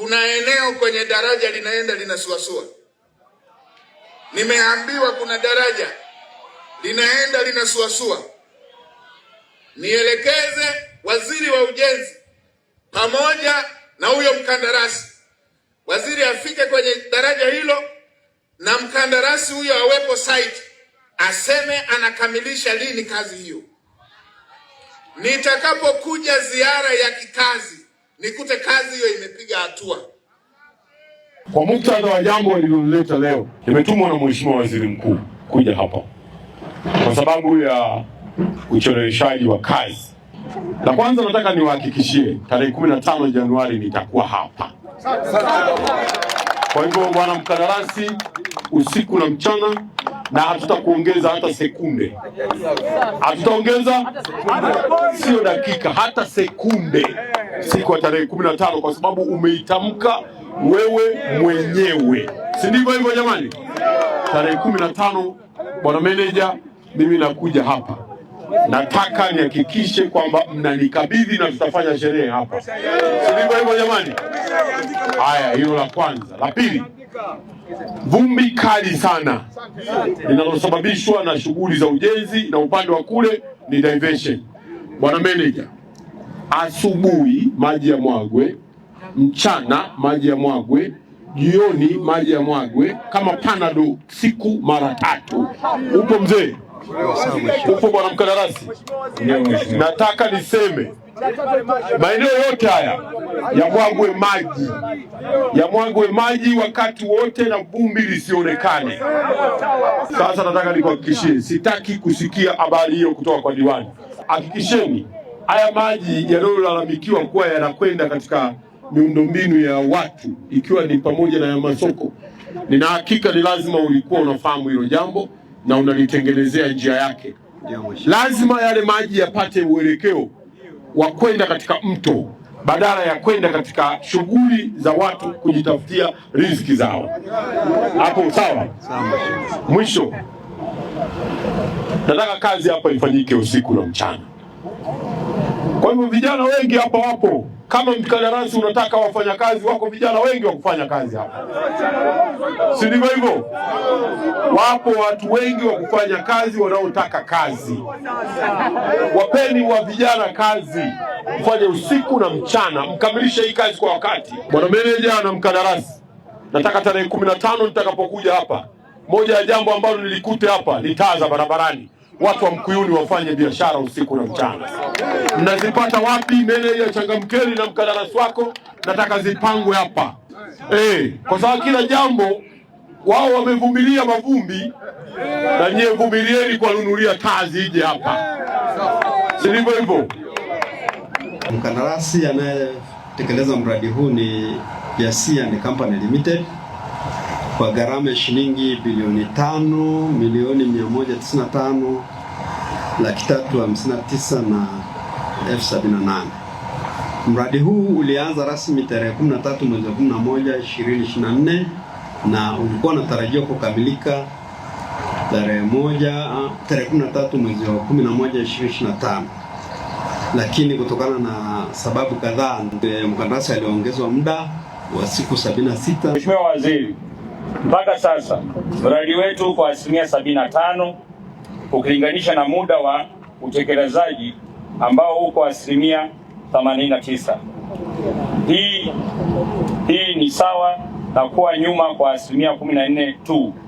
Kuna eneo kwenye daraja linaenda linasuasua, nimeambiwa kuna daraja linaenda linasuasua. Nielekeze waziri wa ujenzi pamoja na huyo mkandarasi, waziri afike kwenye daraja hilo na mkandarasi huyo awepo site, aseme anakamilisha lini kazi hiyo. Nitakapokuja ziara ya kikazi nikute kazi hiyo imepiga hatua. Kwa muktadha wa jambo lililoleta leo, nimetumwa na Mheshimiwa Waziri Mkuu kuja hapa kwa sababu ya ucheleweshaji wa kazi, na kwanza nataka niwahakikishie tarehe 15 Januari nitakuwa hapa. Kwa hivyo, bwana mkandarasi, usiku na mchana na hatutakuongeza hata sekunde, hatutaongeza sio dakika, hata sekunde siku ya tarehe kumi na tano kwa sababu umeitamka wewe mwenyewe, si ndivyo hivyo jamani? Tarehe kumi na tano bwana meneja, mimi nakuja hapa, nataka nihakikishe kwamba mnanikabidhi na tutafanya sherehe hapa, si ndivyo hivyo jamani? Haya, hilo la kwanza. La pili, vumbi kali sana linalosababishwa na shughuli za ujenzi na upande wa kule ni diversion. Bwana meneja asubuhi maji ya mwagwe, mchana maji ya mwagwe, jioni maji ya mwagwe, kama panado siku mara tatu. Upo mzee? Upo bwana mkandarasi? Nataka niseme maeneo yote haya yamwagwe maji, yamwagwe maji wakati wote na vumbi lisionekane. Sasa nataka nikuhakikishie, sitaki kusikia habari hiyo kutoka kwa diwani. Hakikisheni haya maji yanayolalamikiwa kuwa yanakwenda katika miundombinu ya watu ikiwa ni pamoja na ya masoko, nina hakika ni lazima ulikuwa unafahamu hilo jambo na unalitengenezea njia yake. Lazima yale maji yapate uelekeo wa kwenda katika mto badala ya kwenda katika shughuli za watu kujitafutia riziki zao. Hapo sawa? Mwisho, nataka kazi hapa ifanyike usiku na mchana. Kwa hivyo vijana wengi hapa wapo, kama mkandarasi unataka wafanya kazi wako, vijana wengi wa kufanya kazi hapa, si ndivyo hivyo? Wapo watu wengi wa kufanya kazi wanaotaka kazi. Wapeni wa vijana kazi, mfanye usiku na mchana, mkamilishe hii kazi kwa wakati. Bwana meneja na mkandarasi, nataka tarehe kumi na tano nitakapokuja hapa, moja ya jambo ambalo nilikute hapa ni taa za barabarani watu wa Mkuyuni wafanye biashara usiku na mchana. Mnazipata wapi? ya changamkeni na mkandarasi wako, nataka zipangwe hapa eh, kwa sababu kila jambo wao wamevumilia mavumbi, na nyewe vumilieni kuwanunulia kazi ije hapa, silivyo hivyo? Mkandarasi anayetekeleza mradi huu ni Yasia ni Company Limited kwa gharama ya shilingi bilioni tano milioni mia moja tisini na tano laki tatu hamsini na tisa na elfu sabini na nane. Mradi huu ulianza rasmi tarehe 13 mwezi wa 11 2024 na ulikuwa unatarajiwa kukamilika tarehe moja ah, tarehe 13 mwezi wa 11 2025, lakini kutokana na sababu kadhaa eh, mkandarasi aliongezwa muda wa siku 76. Mheshimiwa Waziri mpaka sasa mradi wetu kwa asilimia tano ukilinganisha na muda wa utekelezaji ambao uko asilimia 89. Hii hii ni sawa na kuwa nyuma kwa asilimia 14 tu.